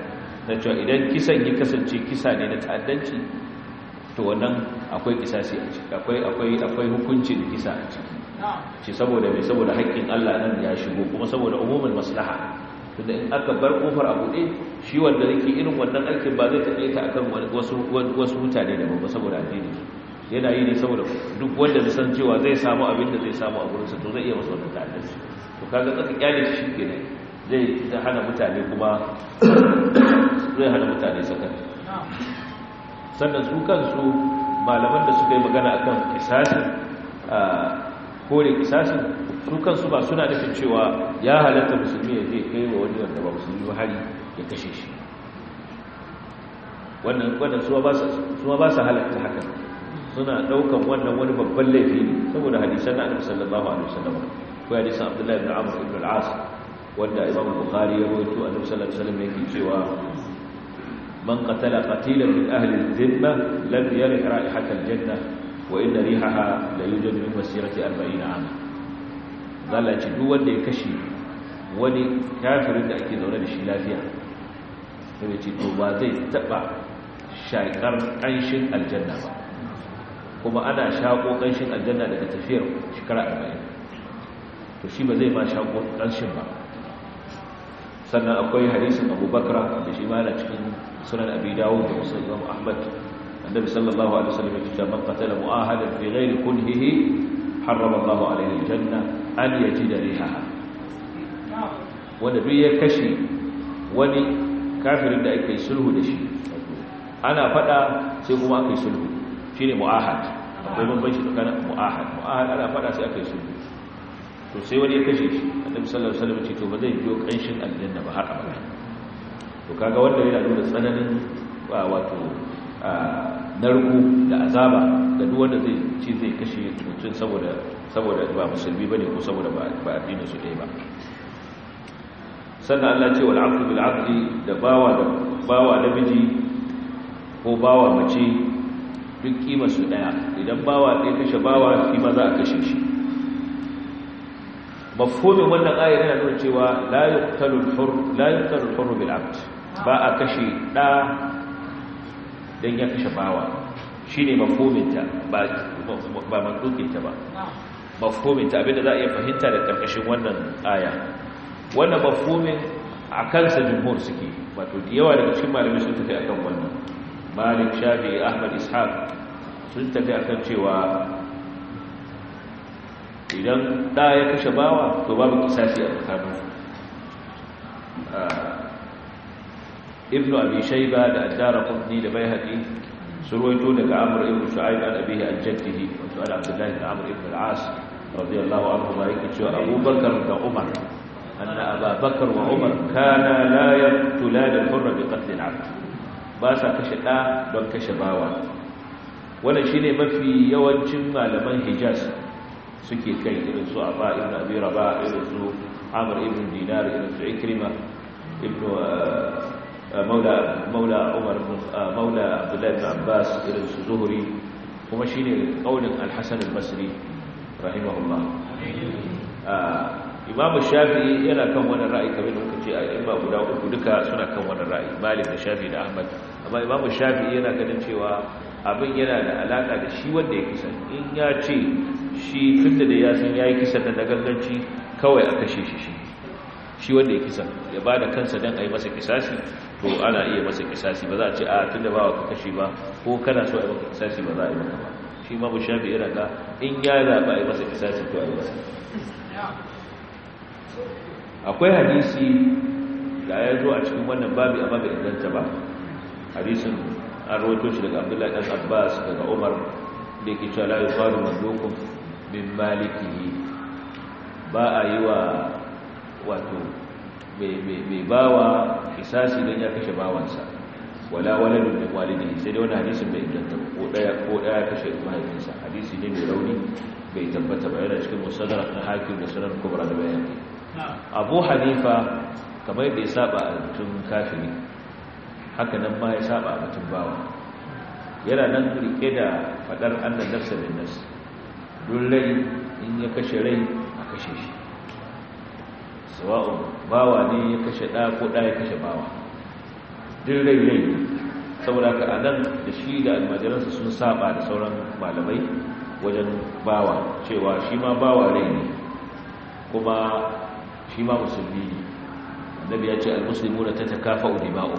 na cewa idan kisan yi kasance kisa ne na ta'addanci to wannan akwai sai a ciki akwai hukuncin kisa a ciki ce saboda mai saboda haƙƙin allah nan ya shigo kuma saboda umumin maslaha tunda in aka bar kofar a buɗe shi wanda yake irin wannan aikin ba zai taɓe ta akan wasu wasu mutane da ba saboda addini yana yi ne saboda duk wanda zai san cewa zai samu abin da zai samu a gurinsa to zai iya masa wannan ta'addanci to kaga tsaka kyale shi ne zai hana mutane kuma zai hana mutane saka sannan su kansu malaman da suka yi magana akan kisasin ah, kore kisasin su kansu ba suna nufin cewa ya halatta musulmi ya zai kai wa wani wanda ba musulmi ba hari ya kashe shi wannan wannan suwa ba su halatta haka suna daukan wannan wani babban laifi ne saboda hadisan na annabi sallallahu alaihi wasallam ko hadisan abdullahi ibn amr ibn al-as wanda imam bukhari ya rawaito annabi sallallahu alaihi wasallam yake cewa man qatala qatilan min ahli al-dhimma lam yarih ra'ihata al-jannah wa inna rihaha la yujad min arba'in 40 ama zalla ce duk wanda ya kashe wani kafirin da ake zaune da shi lafiya sai ce to ba zai taɓa shakar kanshin aljanna ba kuma ana shako kanshin aljanna daga tafiyar shekara arba'in. to shi ba zai ma shako kanshin ba sannan akwai hadisin abubakar da shi ma yana cikin sunan abi dawud da musulman ahmad annabi sallallahu alaihi wasallam ya ce man da mu'ahadan bi ghairi kunhihi harrama Allahu alaihi ya kashe wani kafirin da ake sulhu da shi ana fada sai kuma ake sulhu shine mu'ahad akwai bambanci tsakanin mu'ahad mu'ahad sai sulhu sai wani ya kashe shi annabi sallallahu alaihi wasallam ce to ba zai biyo kanshin aljanna ba har ba. to kaga wanda yana nuna tsananin wato narku da azaba da duk wanda zai ci zai kashe mutum saboda saboda ba musulmi bane ko saboda ba addinin su dai ba sannan Allah ce wal aqdu bil aqdi da bawa da bawa namiji ko bawa mace duk kima su daya idan bawa ɗaya kashe bawa shi ma za a kashe shi mafhumi wannan ayar yana nuna cewa la yuqtalu al-hur la yuqtalu al-hur bil aqd ba a kashe da don ya kashe bawa shi ne mafominta ba mafominta ba mafominta abinda za a iya fahimta da karkashin wannan aya wannan mafomin a kansa jimhur suke wato yawa daga cikin malamai sun tafi akan wannan malik shafi ahmad ishaq sun tafi akan cewa idan ɗaya ya kashe bawa to babu kisasi a tsakaninsu ibn abi shayba da ad-darqutni da baihaqi surwaito daga amr ibn shu'aib an abihi an jaddihi wa an abdullah ibn amr ibn al-as radiyallahu anhu ma yake cewa abubakar da umar anna ababakar wa umar kana la yaqtulan al-hurra bi qatl al-abd ba sa kashe da don kashe bawa wannan shine mafi yawancin malaman hijaz suke kai irin su Aba, ibn abi rabah irin su amr ibn dinar irin su ikrima ibn uh, maula abdullahi maula abdullahi abbas irin su zuhuri kuma shi ne ƙaunin alhassan al-basri rahimahullah imamu shafi yana kan wani ra'ayi kamar da muka ce a imma guda uku duka suna kan wani ra'ayi malik da shafi da ahmad amma imamu shafi yana ganin cewa abin yana da alaka da shi wanda ya kisa in ya ce shi tunda da ya san ya yi kisa da ganganci kawai a kashe shi shi wanda ya kisa ya ba da kansa don a yi masa shi to ana iya masa kisasi ba za a ce a da ba ka kashi ba ko kana so a maka kisasi ba za a yi maka ba shi ma bu shafi in ya zaɓa a yi masa kisasi to a yi masa akwai hadisi da ya zo a cikin wannan babi amma bai inganta ba hadisin an rawaito shi daga abdullahi ɗan abbas daga umar da yake cewa la yuqadu mazlukum min malikihi ba a yi wa wato mai bawa sasi don ya kashe bawansa wala da min walidihi sai dai wani hadisi bai inganta ko daya ko daya kashe mahaifinsa hadisi ne mai rauni bai tabbata ba yana cikin musadar na hakim da sanar kubra da bayan abu hanifa kamar bai saba a mutum kafiri haka nan ma ya saba a mutum bawa yana nan rike da fadar annan nafsa bin nafs dun in ya kashe rai a kashe shi sawau bawa ne ya kashe ɗa ko ɗa ya kashe bawa duk rai rai saboda ka anan da shi da almajiransa sun saba da sauran malamai wajen bawa cewa shi ma bawa rai ne kuma shi ma musulmi ne annabi ya ce almuslimu da ta takafa udima'u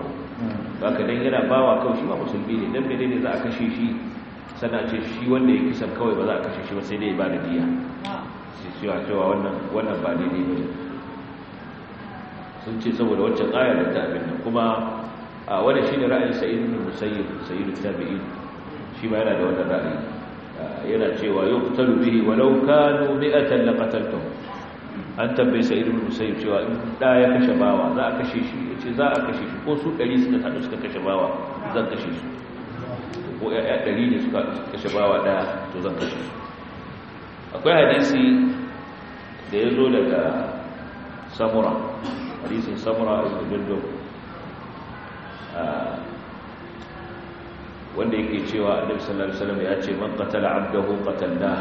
ba hmm. ka dan yana bawa kawai shi ma musulmi ne dan mene ne za a kashe shi sana ce shi wanda ya kisan kawai ba za a kashe shi ba sai dai ba da diya cewa cewa wannan ba ba ne ba ne sun ce saboda waccan aya da ta abin nan kuma a wani shi ne ra'ayin sa'id ibn musayyib sayyid tabi'in shi ma yana da wannan ra'ayi yana cewa yuqtalu bihi walau kanu mi'atan laqataltum an tabbai sa'id ibn musayyib cewa in da ya kashe bawa za a kashe shi yace za a kashe shi ko su 100 suka hadu suka kashe bawa zan kashe su ko ya 100 ne suka kashe bawa daya to zan kashe su akwai hadisi da ya zo daga samura hadisin samura ibn jundub ah. wanda yake cewa annabi sallallahu alaihi wasallam ya ce man qatala abdahu qatalna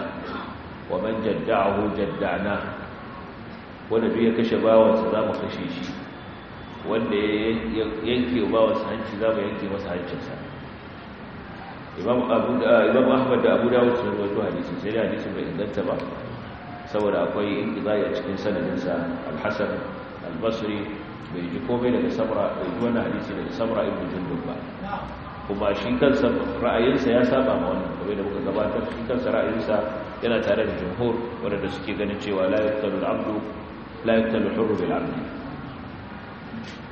wa man jadda'ahu jadda'na wanda duk ya kashe bawansa zamu kashe shi wanda ya yanke bawansa hanci zamu yanke masa hancinsa imam abu imam ahmad da abu dawud sun rawaito hadisi sai da hadisin bai inganta ba saboda akwai inqidai a cikin sanadinsa al-hasan basri bai ji komai daga samra bai ji wani hadisi daga samra ibn jundub ba kuma shi kansa ra'ayinsa ya saba ma wannan kamar da muka gabatar shi kansa ra'ayinsa yana tare da jumhur wadanda suke ganin cewa la yaqtalu al-abdu la yaqtalu hurru bil abdi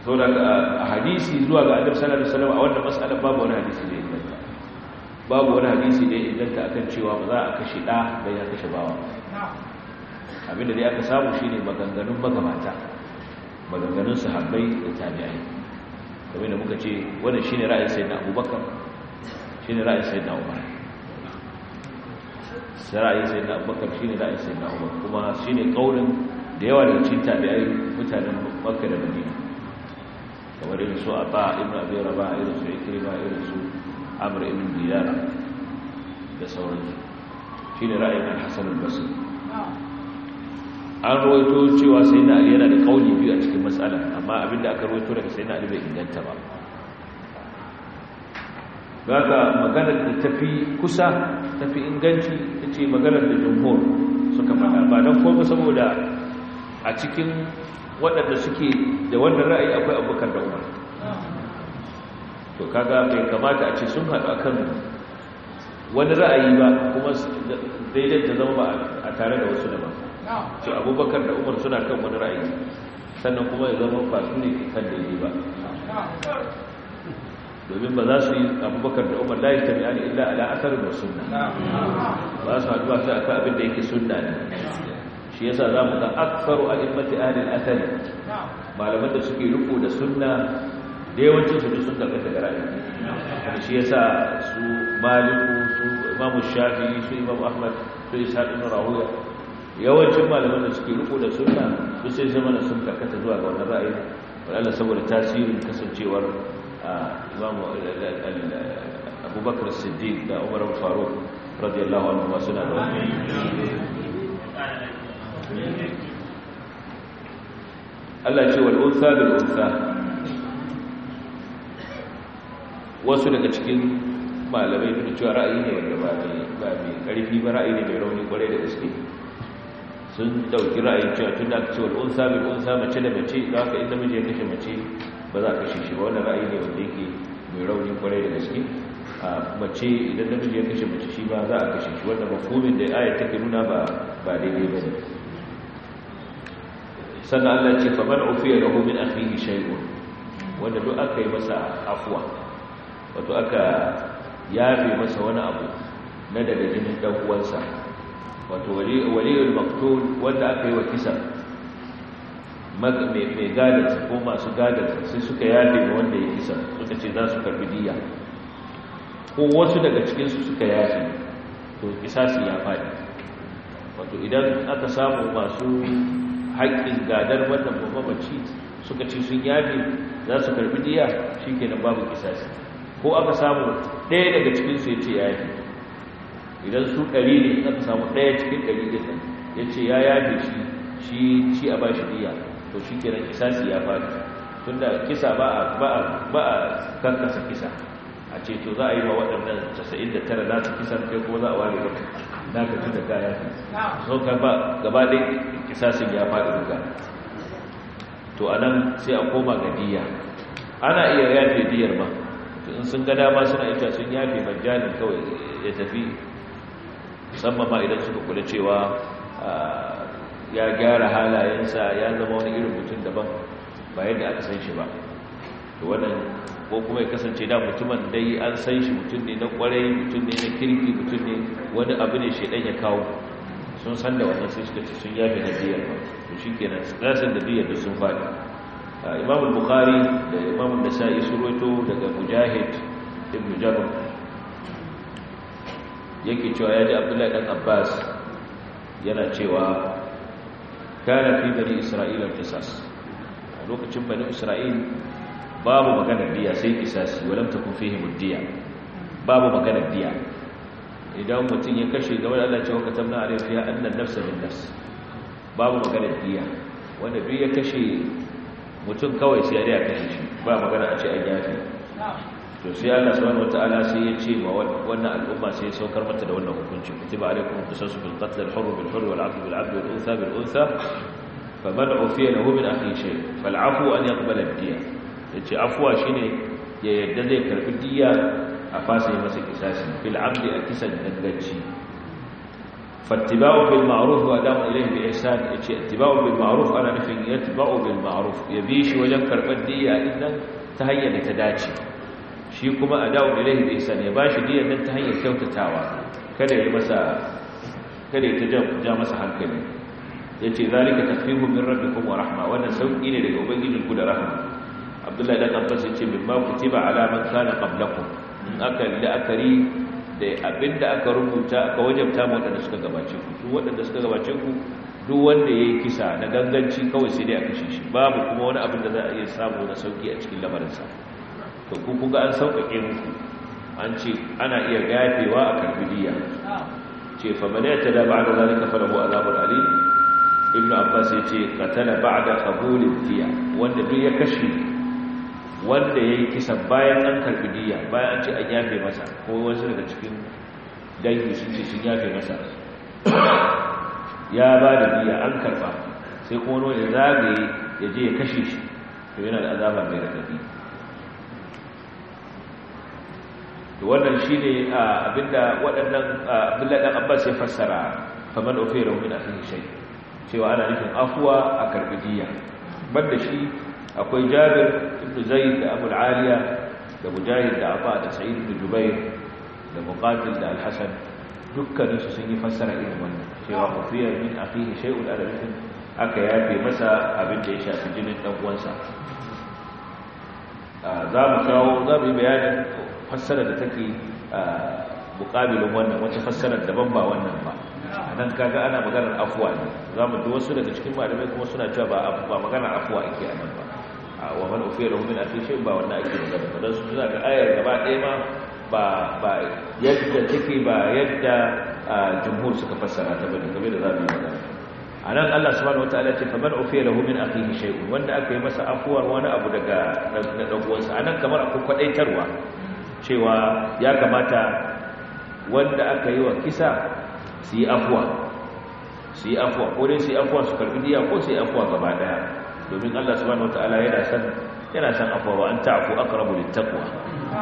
to da hadisi zuwa ga annabi sallallahu alaihi wasallam a wannan mas'alar babu wani hadisi da inganta babu wani hadisi da inganta akan cewa ba za a kashe da bai ya kashe bawa abinda dai aka samu shine maganganun magamata. maganganun sahabbai da tabi'ai kamar da muka ce wannan shine ra'ayin sayyidina abubakar shine ra'ayin sayyidina umar ra'ayin sayyidina abubakar shine ra'ayin sayyidina umar kuma shine kaurin da yawa da cin tabi'ai mutanen makka da madina kamar irin su aba Ibn abi rabah irin su ikrima irin su amr ibn diyara da sauransu shine ra'ayin al-hasan al-basri an rawaito cewa sai na ali yana da kauli biyu a cikin matsala amma abinda aka rawaito daga sai na ali bai inganta ba daga maganar da tafi kusa tafi inganci ta ce maganar da jumhur suka fada ba don kome saboda a cikin waɗanda suke da wannan ra'ayi akwai abokan da umar to kaga bai kamata a ce sun haɗu kan wani ra'ayi ba kuma daidai ta zama ba a tare da wasu da ba. ce abubakar da umar suna kan wani ra'ayi sannan kuma ya zama ba ne kan yi ba domin ba za su yi abubakar da umar layi tabi ali illa ala asar da sunna ba su haɗuwa sai akan abin da yake sunna ne shi yasa za mu ga aksaru a immati ahlil asali malaman da suke riko da sunna da yawancin su sun da daga ra'ayi shi yasa su maliku su imamu Shafi su imamu ahmad su isa ibn rawiya yawancin malaman da suke riko da sunna su sai zama na sun karkata zuwa ga wannan ra'ayi wala saboda tasirin kasancewar imam abubakar siddiq da umar faruk radiyallahu anhu wa suna da Allah ce wal unsa bil unsa wasu daga cikin malamai da cewa ra'ayi ne wanda ba mai karfi ba ra'ayi ne mai rauni kwarai da gaske sun dauki ra'ayin cewa tun da aka ce wal'unsa mai unsa mace da mace za ka in namiji ya kashe mace ba za ka shi ba Wani ra'ayi ne wanda yake mai rauni kwarai da gaske a mace idan namiji ya kashe mace shi ba za a kashe shi wanda mafhumin da ayat take nuna ba ba daidai ba ne? sannan Allah ce ofi ya lahu min akhihi shay'un wanda duk aka yi masa afuwa wato aka yafe masa wani abu na daga jinin dan uwansa wato waliyul maktul wanda aka yi wa kisa mai gadarsa ko masu gadarsa sai suka yafe ma wanda ya kisa suka ce za su karbi diya ko wasu daga cikinsu suka yafe to kisasi ya faɗi wato idan aka samu masu haƙƙin gadar wannan mamaci suka ce sun yafe za su karbi diya shi kenan babu kisasi ko aka samu ɗaya daga cikinsu ya ce yafe idan su ɗari ne za ka samu ɗaya cikin ɗari ɗin nan ya ce ya yafe shi shi shi a bashi diya to shi kenan kisasi ya faɗi tunda kisa ba a kankasa kisa a ce to za a yi wa waɗannan 99 za su kisan kai kuma za a ware ba na ka da kaya so ka ba gaba da kisasin ya faɗi duka to a nan sai a koma ga diya ana iya yafe diyar ba in sun ga dama suna ita sun yafe majalin kawai ya tafi musamman ma idan suka kula cewa ya gyara halayensa ya zama wani irin mutum daban ba yadda aka san shi ba to wannan ko kuma ya kasance da mutumin dai an san shi mutum ne na kwarai mutum ne na kirki mutum ne wani abu ne shedan ya kawo sun san da wannan sai suka sun yafe na biyar to shikenan rasan da biyar da sun faɗi imam bukhari da imam an-nasa'i sun daga mujahid ibn jabr yake cewa ya ji abdullahi ɗan abbas yana cewa kana fi bani isra'ila kisas a lokacin bani isra'il babu maganar diya sai kisasi walam ta kun fihim diya babu maganar diya idan mutum ya kashe game da Allah cewa ka tabna a rafiya annan nafsa bin nafs babu maganar diya wanda duk ya kashe mutum kawai sai ya kashe shi ba magana a ce a yafi to sai Allah subhanahu wataala sai ya ce ma wannan al'umma sai ya saukar mata da wannan hukuncin kutiba alaikum qisasu bil qatl al hurr bil hurr wal 'abd bil 'abd wal untha bil untha fa bad'u fi lahu min akhi shay fal 'afwu an yaqbal al diya yace afwa shine ya yadda zai karbi diya a fasa yi masa kisasi bil 'abd a kisan dangaci فاتباع بالمعروف واداء اليه باحسان يجي اتباع بالمعروف انا نفي يتبع بالمعروف يبيش وجن كربديه ان تهيئ لتداعي shi kuma a dawo ilaihi da isa ne ba shi diyan nan ta hanyar kyautatawa kada ya ta ja masa hankali ya ce zalika tafihu min rabbi wa rahma wannan sauki ne daga ubangijin ku da rahma abdullahi da tabbas ya ce mimma kutiba ba alamar kana qablakum in aka la'akari da abinda aka rubuta aka wajabta waɗanda suka gabace ku su waɗanda suka gabace ku duk wanda yayi kisa na ganganci kawai sai dai a kashe shi babu kuma wani abin da za a iya samu na sauki a cikin lamarin sa to ku kuga an sauƙaƙe muku an ce ana iya gafewa a karbidiya ce fa man yata da ba'da zalika ibnu azabul ali ibn abbas yace qatala ba'da qabulid diya wanda duk ya kashe wanda ya yi kisan bayan an karbidiya bayan an ce an yafe masa ko wasu daga cikin dangi sun ce sun yafe masa ya ba da biya an karba sai kuma wani zagaye ya je ya kashe shi to yana da azaba mai radadi to wannan shine abinda waɗannan Abdullahi Abbas ya fassara faman ufira min akhihi shai. cewa ana nufin afwa a karbijiya banda shi akwai Jabir ibn Zaid da Abu Aliya da Mujahid da Abu da Sa'id ibn Jubair da Muqatil da Al-Hasan dukkaninsu sun yi fassara irin wannan cewa ufira min shai shay'un ana nufin aka yafe masa abin da ya shafi jinin dan uwansa za mu kawo za mu yi bayanin fassarar da take muƙabilin wannan wacce fassarar daban ba wannan ba nan kaga ana maganar afuwa ne za mu wasu daga cikin malamai kuma suna cewa ba ba maganar afuwa ake a nan ba a wa man ufiya lahu min ba wannan ake magana ba don su suna ga ayar gaba ɗaya ma ba yadda take ba yadda jumhur suka fassara ta bane game da zamu magana a nan Allah subhanahu wataala ce fa man ufiya lahu min akhihi shay'un wanda aka yi masa afuwar wani abu daga dan uwansa nan kamar akwai kwadaitarwa cewa ya kamata wanda aka yi wa kisa su yi afuwa su yi afuwa ko dai su yi afuwa su karbi diya ko su yi afuwa gaba daya domin Allah wani wataala yana san yana san afuwa wa an ta'fu aqrabu littaqwa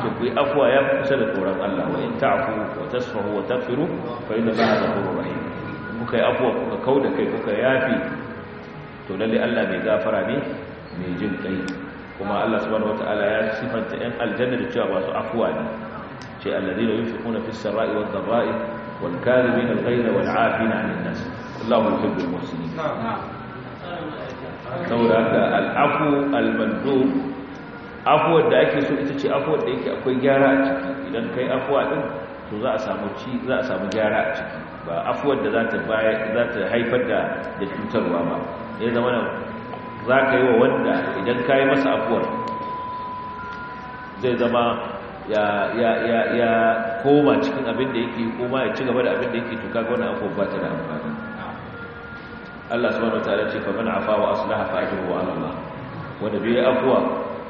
to ku yi afuwa ya kusa da tsoron Allah wa in ta'afu wa tasfahu wa taghfiru fa inna Allaha ghafurur rahim kuka yi afuwa kuka kauda kai kuka yafi to lalle Allah mai gafara ne kuma Allah subhanahu wata'ala ya sifanta yan aljanna da cewa masu afuwa ne ce alladheena yunfiquna fis sarai wad dharai wal kadhimin al ghayra wal 'afina 'anil nas Allahu yuhibbul muhsinin saboda haka al'afu al-mandub afuwar da ake so ita ce afuwar da yake akwai gyara a ciki idan kai afuwa din to za a samu ci za a samu gyara a ciki ba afuwar da za ta haifar da cutarwa ba ya zama za ka yi wa wanda idan ka yi masa afuwar zai zama ya koma cikin abin da yake koma ya ci gaba da abin da yake tuka wani afuwar ba ta da amfani Allah su wani tare ce fa afa wa aslaha fa ajruhu wa Allah wanda bai afuwa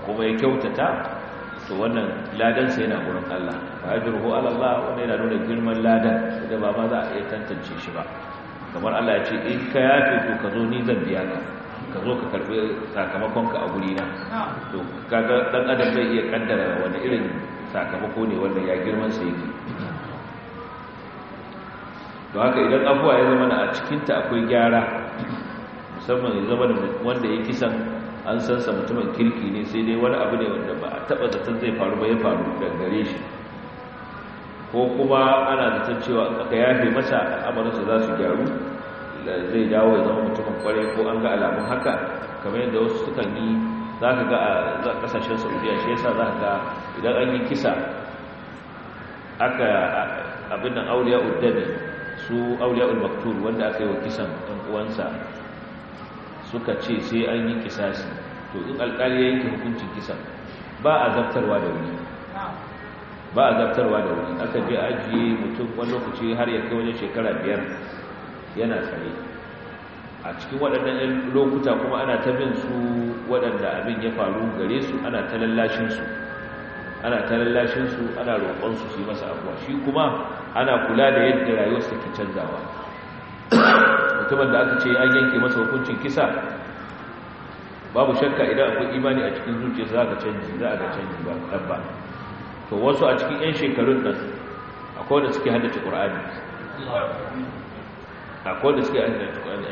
kuma ya kyautata to wannan ladan yana wurin Allah fa ajruhu ala Allah yana nuna girman ladan da ba ma za a iya tantance shi ba kamar Allah ya ce in ka yafe to ka zo ni zan biya ka ka zo ka karbi sakamakonka a guri na ah. to kaga dan adam zai iya kaddara wani irin sakamako ne wanda ya girman sa yake to haka idan abuwa ya zama a cikin ta akwai gyara musamman ya zama wanda ya kisan an san sa mutumin kirki ne sai dai wani abu ne wanda ba a taba zaton zai faru ba ya faru gare shi ko kuma ana zaton cewa ka yafe masa al'amarinsa za su gyaru zai dawo ya zama mutumin kwarai ko an ga alamun haka kamar yadda wasu sukan yi za ka ga a kasashen saudiya shi yasa za ka ga idan an yi kisa aka abin nan auliya uddabi su auliya ulmaktur wanda aka yi wa kisan ɗan uwansa suka ce sai an yi kisasi to in alƙali ya yanke hukuncin kisan ba a zartarwa da wuri ba a zartarwa da wuri aka je ajiye mutum wani lokaci har ya kai wajen shekara biyar yana tsare a cikin waɗannan lokuta kuma ana ta bin su waɗanda abin ya faru gare su ana ta lallashinsu ana ta lallashinsu ana roƙonsu su yi masa abuwa shi kuma ana kula da yadda rayuwarsa ke canzawa mutumin da aka ce an yanke masa hukuncin kisa babu shakka idan akwai imani a cikin zuciya za ka canji za a ga canji ba ɗabba to wasu a cikin 'yan shekarun nan akwai wanda suke haddace ƙur'ani akwai da suke a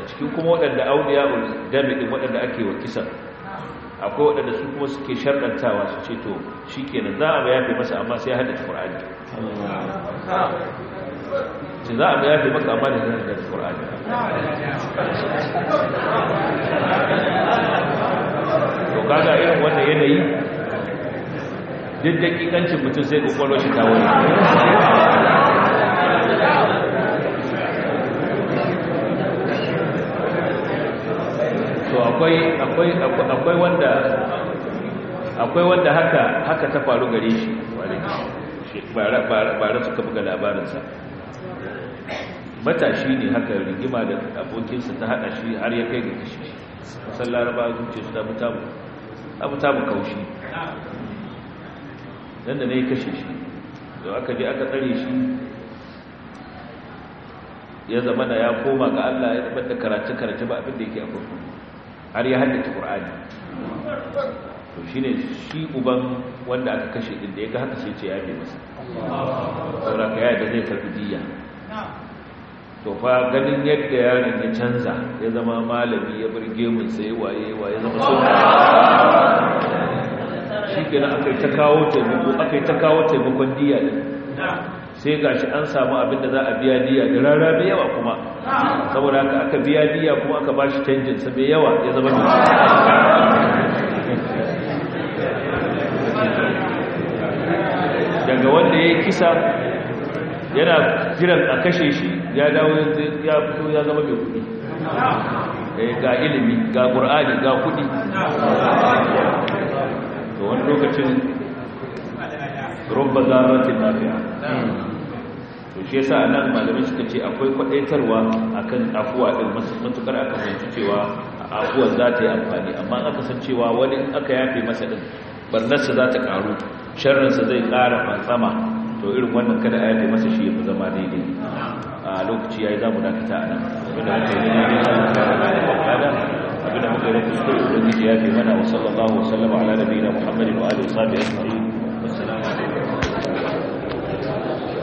cikin kuma waɗanda auliya damiɗin waɗanda ake wa kisan akwai waɗanda su kuma suke sharɗantawa su ce to shi kenan za a yafe masa amma sai haddace ƙur'ani ce za a yafe masa amma da sai haddace ƙur'ani to kaga irin wannan yanayi duk da ƙiƙancin mutum sai ƙwaƙwalwar shi ta wani akwai akwai akwai wanda akwai wanda haka haka ta faru gare shi bara suka buga labarinsa matashi ne haka rigima da abokinsa ta hada shi har ya kai ga kashi kusan laraba zuciya su damu tamu abu kaushi nan da na yi kashe shi to aka je aka tsare shi ya zama da ya koma ga Allah ya tabbata da karatu-karatu ba abinda yake a har ya haddata qur'ani to ne shi uban wanda aka kashe inda da ya ga haka sai ce ya fi masa saura ka yaya da zai karfi jiya to fa ganin yadda yaron ya canza ya zama malami ya bar gemun sai waye waye zama so? shi akai ta kawo ta kawo taimakon diya sai ga shi an samu abin da za a biya diya da rara mai yawa kuma saboda haka aka biya diya kuma aka ba shi canjin sa mai yawa ya zama mai daga wanda ya yi kisa yana jiran a kashe shi ya dawo ya fito ya zama mai kudi eh, ga ilimi ga ƙur'ani ga kudi to wani lokacin rubba zaratin lafiya to shi yasa nan malamin suka ce akwai kwadaitarwa akan afuwa din matukar aka fahimci cewa afuwa za ta yi amfani amma aka san cewa wani aka yafe masa din barnarsa za ta karu sharrinsa zai kara fansama to irin wannan kada a yafe masa shi ya fi zama daidai a lokaci ya yi za mu dakata a nan abinda muka yi daidai za mu kara abinda yi ya fi mana wa sallallahu wa sallama ala nabiyina muhammadin wa alihi wa sahbihi ajma'in wassalamu alaikum